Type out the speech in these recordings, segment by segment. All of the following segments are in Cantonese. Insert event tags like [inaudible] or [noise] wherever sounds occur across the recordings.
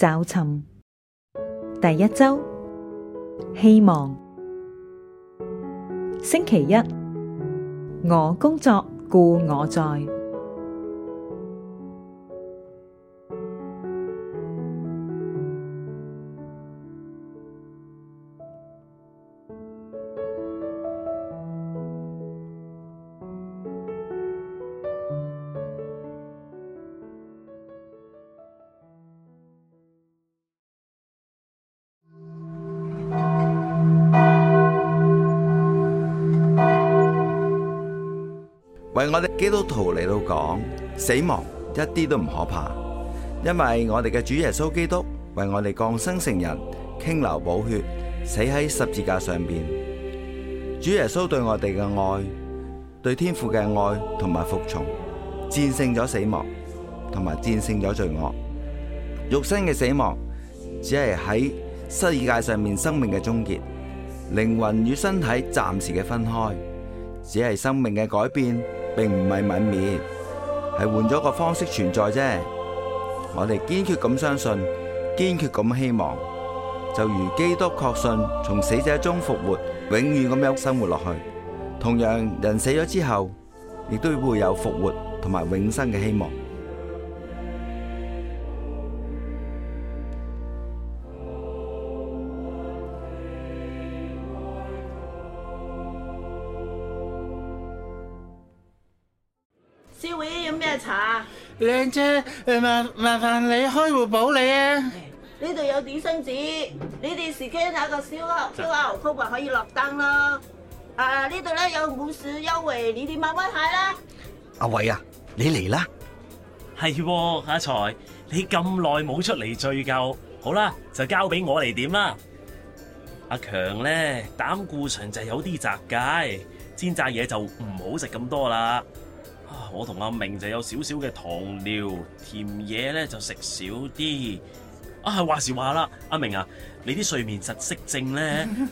找尋第一周希望，星期一，我工作，故我在。為我哋基督徒嚟到講，死亡一啲都唔可怕，因為我哋嘅主耶穌基督為我哋降生成人，傾流寶血，死喺十字架上邊。主耶穌對我哋嘅愛，對天父嘅愛同埋服從，戰勝咗死亡，同埋戰勝咗罪惡。肉身嘅死亡，只係喺世界上面生命嘅終結，靈魂與身體暫時嘅分開，只係生命嘅改變。並唔係泯滅，係換咗個方式存在啫。我哋堅決咁相信，堅決咁希望，就如基督確信從死者中復活，永遠咁樣生活落去。同樣，人死咗之後，亦都會有復活同埋永生嘅希望。靚姐，誒，麻麻煩你開壺普洱啊！呢度有點心紙，你哋 scan 吓個 QR code 啊，可以落單咯。啊，呢度咧有午市優惠，你哋慢慢睇啦。阿偉啊，你嚟啦！係、啊、阿財，你咁耐冇出嚟敘舊，好啦，就交俾我嚟點啦。阿強咧，膽固醇就有啲擲界，煎炸嘢就唔好食咁多啦。我同阿明就有少少嘅糖尿，甜嘢呢就食少啲。啊，話時話啦，阿明啊，你啲睡眠窒息症呢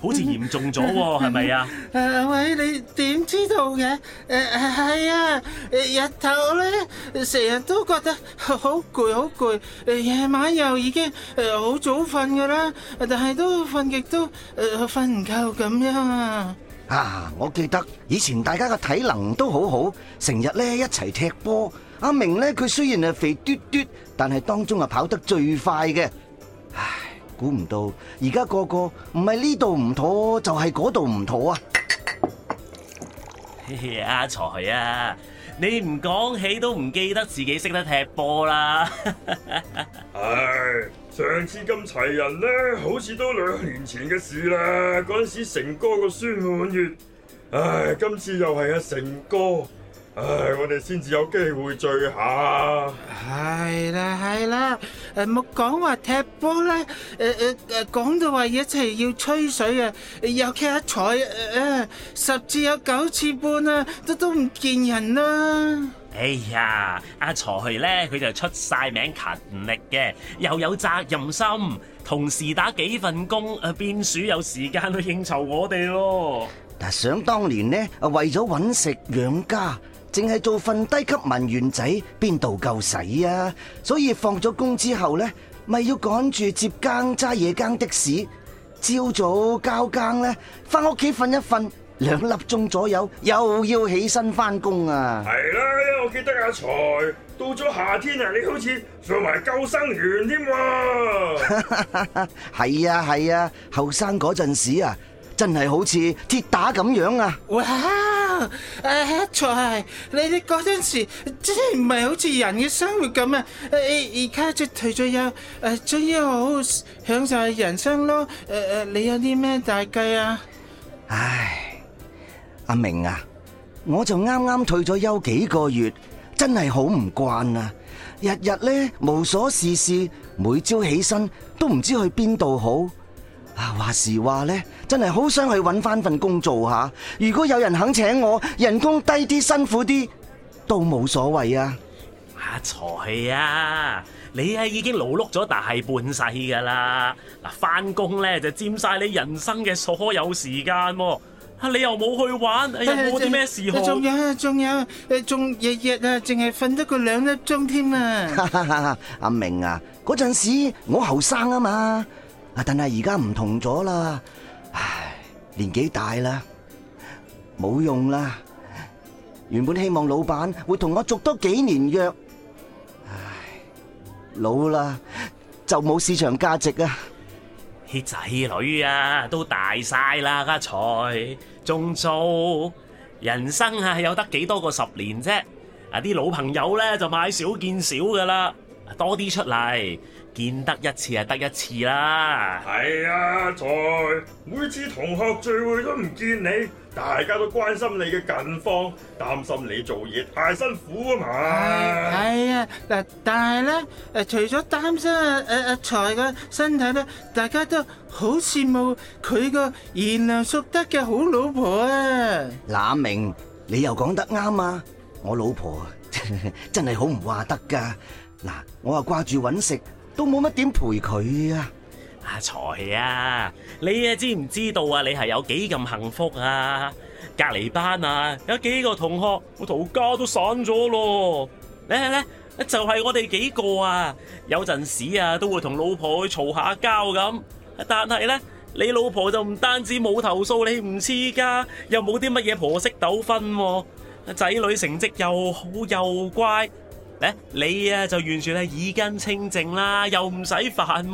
好似嚴重咗喎，哦，係咪啊？誒，喂，你點知道嘅？誒，啊，係啊，日頭呢成日都覺得好攰，好攰，夜晚又已經誒好早瞓㗎啦，但係都瞓極都誒瞓唔夠咁樣啊。啊！我記得以前大家嘅體能都好好，成日呢一齊踢波。阿明呢佢雖然係肥嘟嘟，但係當中係跑得最快嘅。唉，估唔到而家個個唔係呢度唔妥，就係嗰度唔妥啊嘿！阿財啊，你唔講起都唔記得自己識得踢波啦。係。 [laughs] 上次咁齊人呢，好似都兩年前嘅事啦。嗰陣時誠哥個孫滿月，唉，今次又係阿、啊、誠哥，唉，我哋先至有機會聚下。係啦係啦，誒，莫講話踢波啦，誒誒誒，講、呃、好咗話一齊要吹水啊，尤其係阿財呀，誒、呃、誒，十次有九次半啊，都都唔見人啦。哎呀，阿財呢，佢就出晒名勤力嘅，又有責任心，同時打幾份工，邊度有時間去應酬我哋咯。但係想當年呢，為咗搵食養家，淨係做份低級文員仔，邊度夠使啊？所以放咗工之後呢，咪要趕住接更、揸夜更的士，朝早交更呢，返屋企瞓一瞓，兩粒鐘左右又要起身返工啊！係啦，我記得阿財到咗夏天啊，你好似上埋救生員添喎。係啊係啊，後生嗰陣時啊，時真係好似鐵打咁樣啊！哇，阿、啊、財，你哋嗰陣時真係唔係好似人嘅生活咁啊！而家就退咗休，誒，終、啊、於好享受人生咯。誒、啊、誒，你有啲咩大計啊？唉。阿明啊，我就啱啱退咗休幾個月，真係好唔慣啊！日日咧無所事事，每朝起身都唔知去邊度好。啊話時話咧，真係好想去搵翻份工做下。如果有人肯請我，人工低啲，辛苦啲都冇所謂啊！阿財啊，啊，你啊已經勞碌咗大半世㗎喇，嗱返工咧就占晒你人生嘅所有時間喎，啊。吓你又冇去玩，又冇啲咩嗜好。仲有仲有，有，仲日日啊，淨係瞓得嗰兩粒鐘添啊！哈哈哈！阿明啊，嗰陣時我後生啊嘛，但係而家唔同咗啦，唉，年紀大啦，冇用啦。原本希望老闆會同我續多幾年約，唉，老啦就冇市場價值啊！啲仔女啊，都大晒啦，阿財仲做人生啊，有得幾多個十年啫？啊，啲老朋友呢，就買少見少㗎喇，多啲出嚟見得一次啊，得一次啦。係啊，財，每次同學聚會都唔見你，大家都關心你嘅近況，擔心你做嘢太辛苦啊嘛。係啊嗱，但係咧誒，除咗擔心阿阿財嘅身體咧，大家都好羨慕佢個賢良淑德嘅好老婆啊。嗱、阿、明，你又講得啱啊！我老婆 [laughs] 真係好唔話得㗎嗱、啊，我又掛住搵食。都冇乜點陪佢啊！阿財啊，啊，你誒知唔知道啊？你係有幾咁幸福啊？隔籬班啊，有幾個同學我頭家都散咗咯。呢呢呢，就係、是、我哋幾個啊！有陣時啊，都會同老婆嘈下交咁。但係咧，你老婆就唔單止冇投訴你唔黐家，又冇啲乜嘢婆媳糾紛。仔女成績又好又乖。你啊就完全係耳根清淨啦，又唔使煩。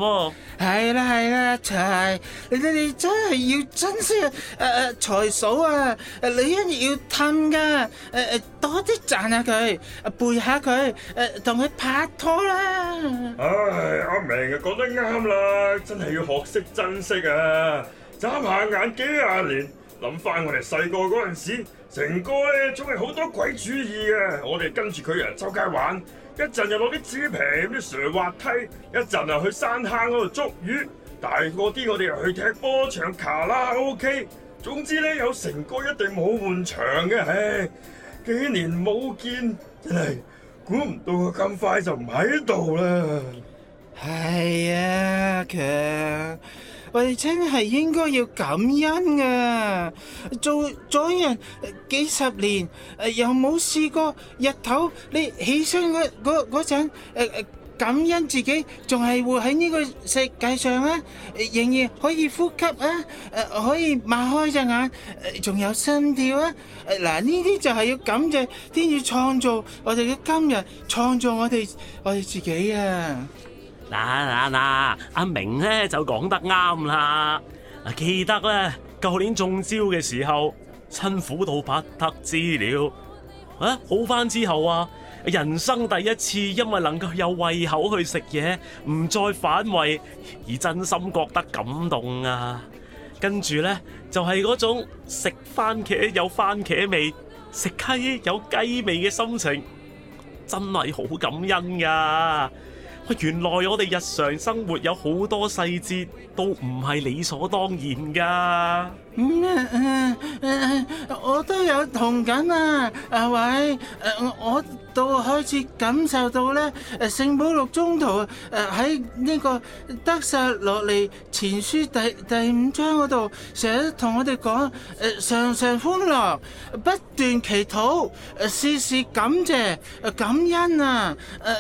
係啦係啦，財、啊，你你真係要珍惜誒誒，財嫂啊，你一日要氹㗎，誒誒多啲讚下佢，陪下佢，誒同佢拍拖啦。唉，阿明講得啱啦，真係要學識珍惜啊！眨下眼幾廿年，諗返我哋細個嗰陣時，時。成哥呢，總係好多鬼主意啊。我哋跟住佢人周街玩，一陣又攞啲紙皮咁啲 sir 滑梯，一陣又去山坑嗰度捉魚，大個啲我哋又去踢波場、唱卡拉、OK。OK，總之呢有誠哥一定冇悶場嘅，唉、哎，幾年冇見，真係，估唔到佢咁快就唔喺度啦。係啊，強。我哋真係應該要感恩㗎，做咗人幾十年，又冇試過日頭你起身嗰嗰嗰陣，誒誒感恩自己，仲係會喺呢個世界上啊，仍然可以呼吸啊，誒可以擘開隻眼，誒仲有心跳啊，嗱，呢啲就係要感謝天主創造我哋嘅今日，創造我哋我哋自己啊。嗱嗱嗱！阿、啊啊、明呢就講得啱喇、啊。記得呢，舊年中招嘅時候，辛苦到不得知了。啊，好返之後啊，人生第一次因為能夠有胃口去食嘢，唔再反胃，而真心覺得感動啊。跟住呢，就係、是、嗰種食番茄有番茄味，食雞有雞味嘅心情，真係好感恩㗎、啊。原來我哋日常生活有好多細節都唔係理所當然㗎。我都有同緊啊！阿偉，誒我到開始感受到咧，聖保祿宗徒誒喺呢個得撒洛尼前書第第五章嗰度，成日同我哋講誒常常歡樂，不斷祈禱，事事感謝，感恩啊！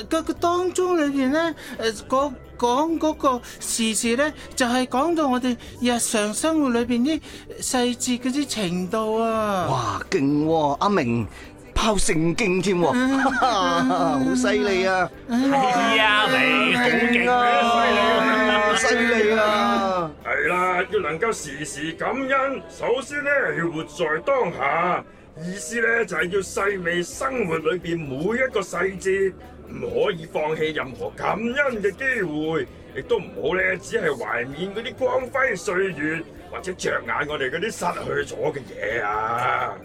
誒個當中裏邊咧誒講嗰個時事咧，就係、是、講到我哋日常生活裏邊啲細節嗰啲程度啊！哇，勁喎、哦，阿明拋聖經添、啊，好犀利啊！係啊，你好勁啊，好犀利啊！係 [laughs] 啦，要能夠時時感恩，首先咧要活在當下，意思咧就係、是、要細味生活裏邊每一個細節。唔可以放棄任何感恩嘅機會。亦都唔好咧，只係懷念嗰啲光輝歲月，或者着眼我哋嗰啲失去咗嘅嘢啊！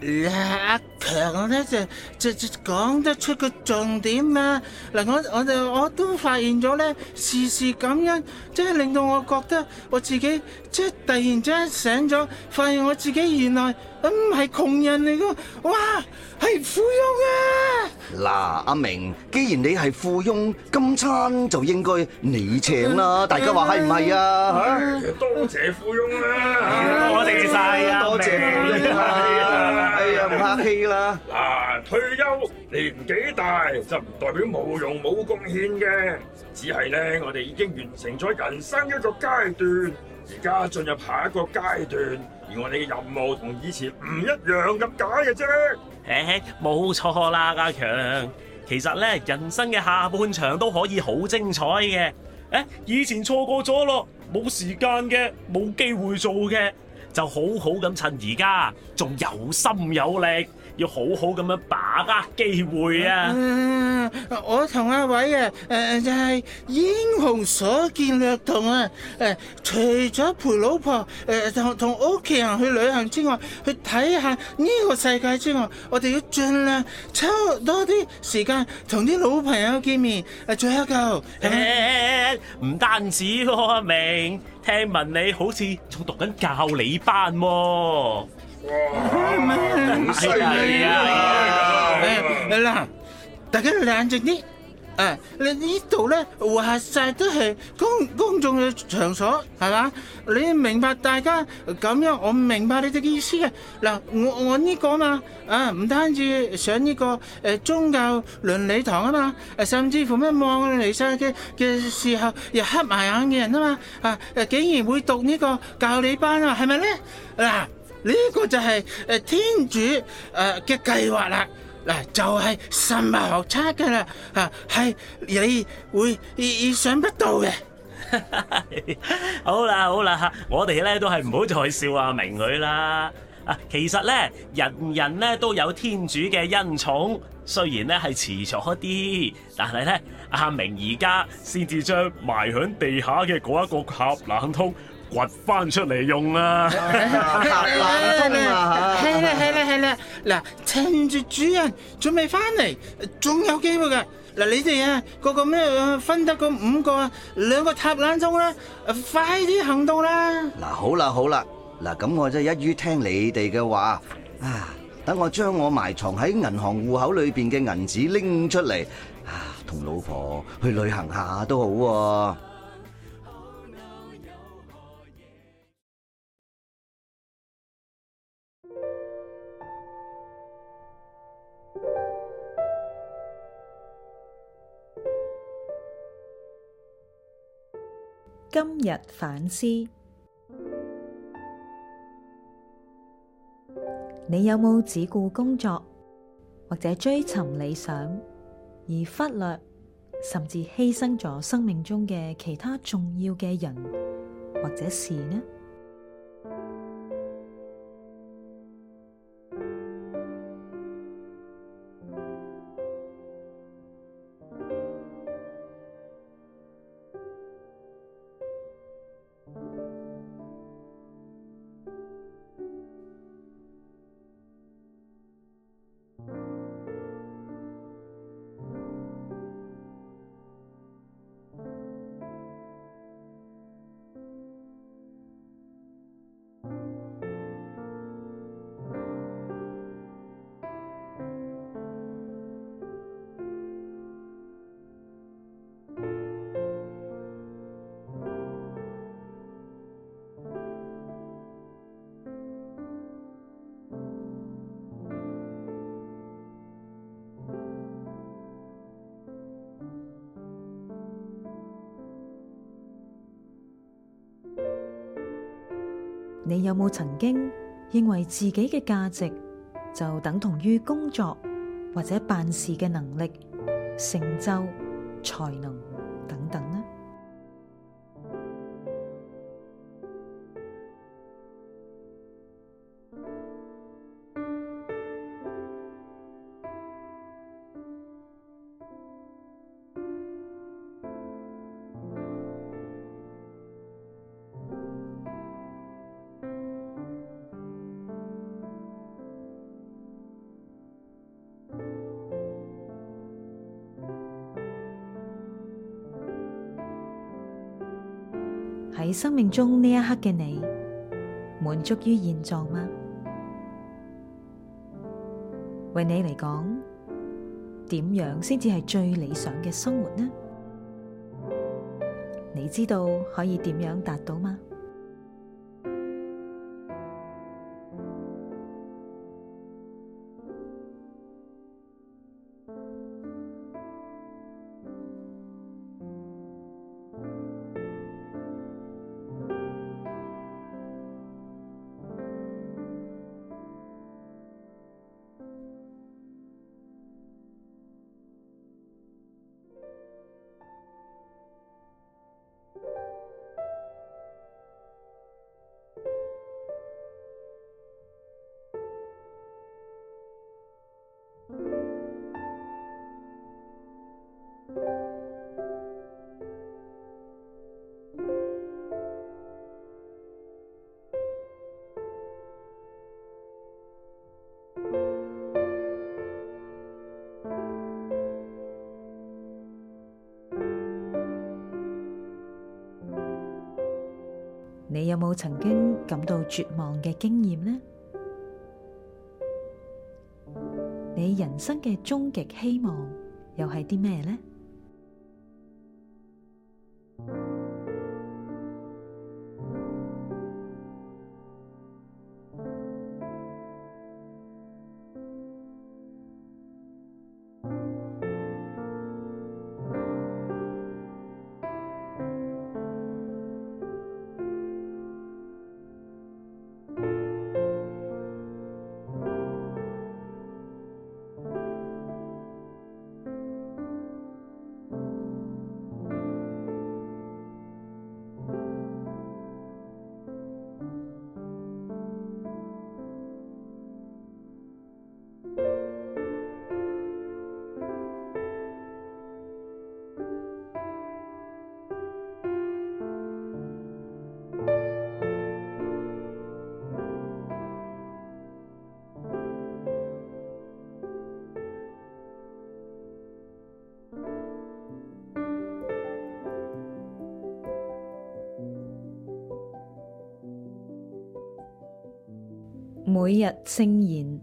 阿強咧就就講得出個重點啊！嗱，我我就我都發現咗咧，時時感恩，即係令到我覺得我自己即係突然之間醒咗，發現我自己原來唔係窮人嚟噶，哇，係富翁啊！嗱，阿明，既然你係富翁，今餐就應該你請啦大家話係唔係啊？多謝富翁啦，多謝晒啊！多謝富翁啊！哎呀，唔客氣啦。嗱、啊，退休年紀大就唔代表冇用冇貢獻嘅，只係咧我哋已經完成咗人生一個階段，而家進入下一個階段，而我哋嘅任務同以前唔一樣咁解嘅啫。誒、哎，冇錯啦，阿強，其實咧人生嘅下半場都可以好精彩嘅。誒，以前錯過咗囉，冇時間嘅，冇機會做嘅，就好好咁趁而家，仲有心有力。要好好咁樣把握機會啊！我同阿偉啊，誒、啊呃、就係、是、英雄所見略同啊！誒、呃，除咗陪老婆，誒同同屋企人去旅行之外，去睇下呢個世界之外，我哋要盡量抽多啲時間同啲老朋友見面，聚一舊。唔、嗯欸、單止喎，阿明，聽聞你好似仲讀緊教理班喎、啊。哇！衰你啊！嗱，大家冷靜啲。啊，你呢度咧，話晒都係公公眾嘅場所，係嘛？你明白大家咁樣，我唔明白你哋嘅意思嘅。嗱，我我呢個啊嘛，啊唔單止上呢個誒宗教倫理堂啊嘛，甚至乎咩望嚟晒嘅嘅時候又黑埋眼嘅人啊嘛，啊誒竟然會讀呢個教理班啊，係咪咧？嗱。呢個就係、是、誒、呃、天主誒嘅、呃、計劃啦，嗱、呃、就係、是、神學出嘅啦，吓、呃、係你會意，意想不到嘅 [laughs] 好啦好啦吓，我哋咧都係唔好再笑阿明佢啦。啊，其實咧人人咧都有天主嘅恩寵，雖然咧係遲咗一啲，但係咧阿明而家先至將埋響地下嘅嗰一個盒冷通，掘翻出嚟用啦！塔冷通啊！係啦係啦係啦！嗱，趁住主人準備翻嚟，總有機會㗎！嗱，你哋啊，個個咩分得個五個兩個塔冷通咧，快啲行動啦！嗱，好啦好啦，嗱，咁我就一於聽你哋嘅話啊！等我將我埋藏喺銀行戶口裏邊嘅銀紙拎出嚟啊，同老婆去旅行下都好喎！今日反思，你有冇只顧工作，或者追尋理想，而忽略甚至犧牲咗生命中嘅其他重要嘅人或者事呢？你有冇曾經認為自己嘅價值就等同於工作或者辦事嘅能力、成就、才能等等？生命中呢一刻嘅你，滿足於現狀嗎？為你嚟講，點樣先至係最理想嘅生活呢？你知道可以點樣達到嗎？你有冇曾經感到絕望嘅經驗呢？你人生嘅終極希望又係啲咩呢？每日聖言，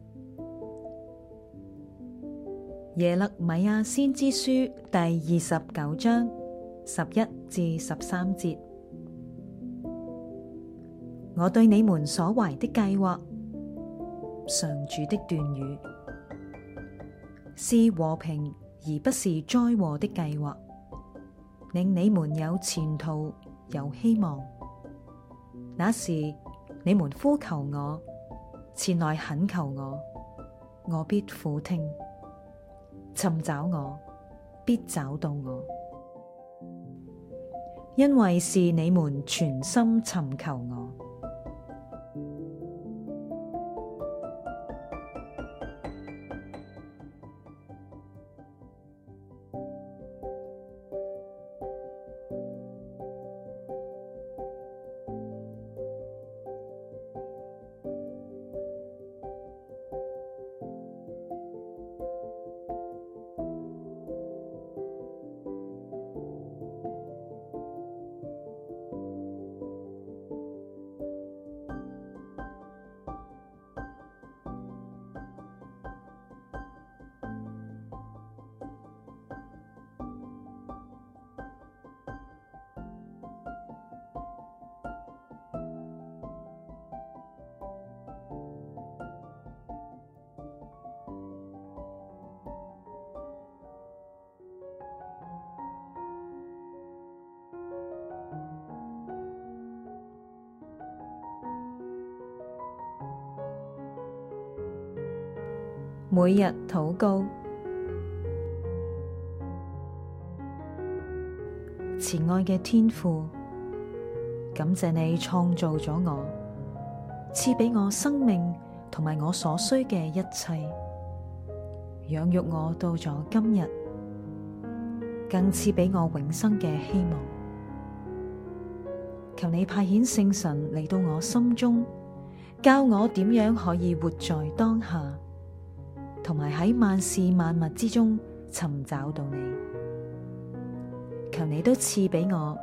耶勒米亞先知書第二十九章十一至十三節。我對你們所懷的計劃，上主的斷語，是和平而不是災禍的計劃，令你們有前途有希望。那時你們呼求我。前來懇求我，我必俯聽；尋找我，必找到我，因為是你們全心尋求我。每日禱告，慈愛嘅天父，感謝你創造咗我，賜俾我生命同埋我所需嘅一切，養育我到咗今日，更賜俾我永生嘅希望。求你派遣聖神嚟到我心中，教我點樣可以活在當下。同埋喺萬事萬物之中尋找到你，求你都賜俾我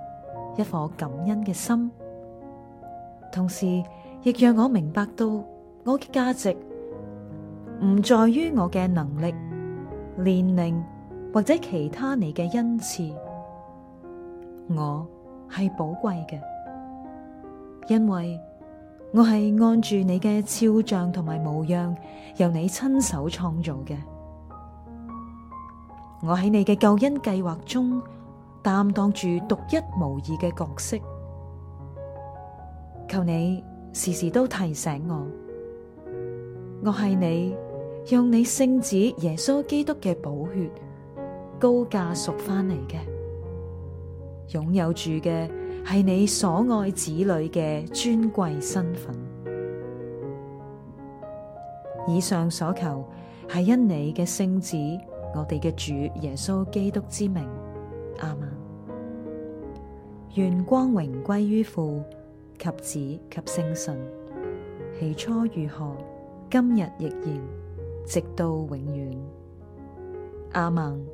一顆感恩嘅心，同時亦讓我明白到我嘅價值唔在於我嘅能力、年齡或者其他你嘅恩賜，我係寶貴嘅，因為，我係按住你嘅肖像同埋模樣，由你親手創造嘅。我喺你嘅救恩計劃中，擔當住獨一無二嘅角色。求你時時都提醒我，我係你用你聖子耶穌基督嘅寶血高價贖翻嚟嘅，擁有住嘅。係你所愛子女嘅尊貴身份。以上所求，係因你嘅聖子，我哋嘅主耶穌基督之名，阿門。願光榮歸於父及子及聖神。起初如何，今日亦然，直到永遠。阿門。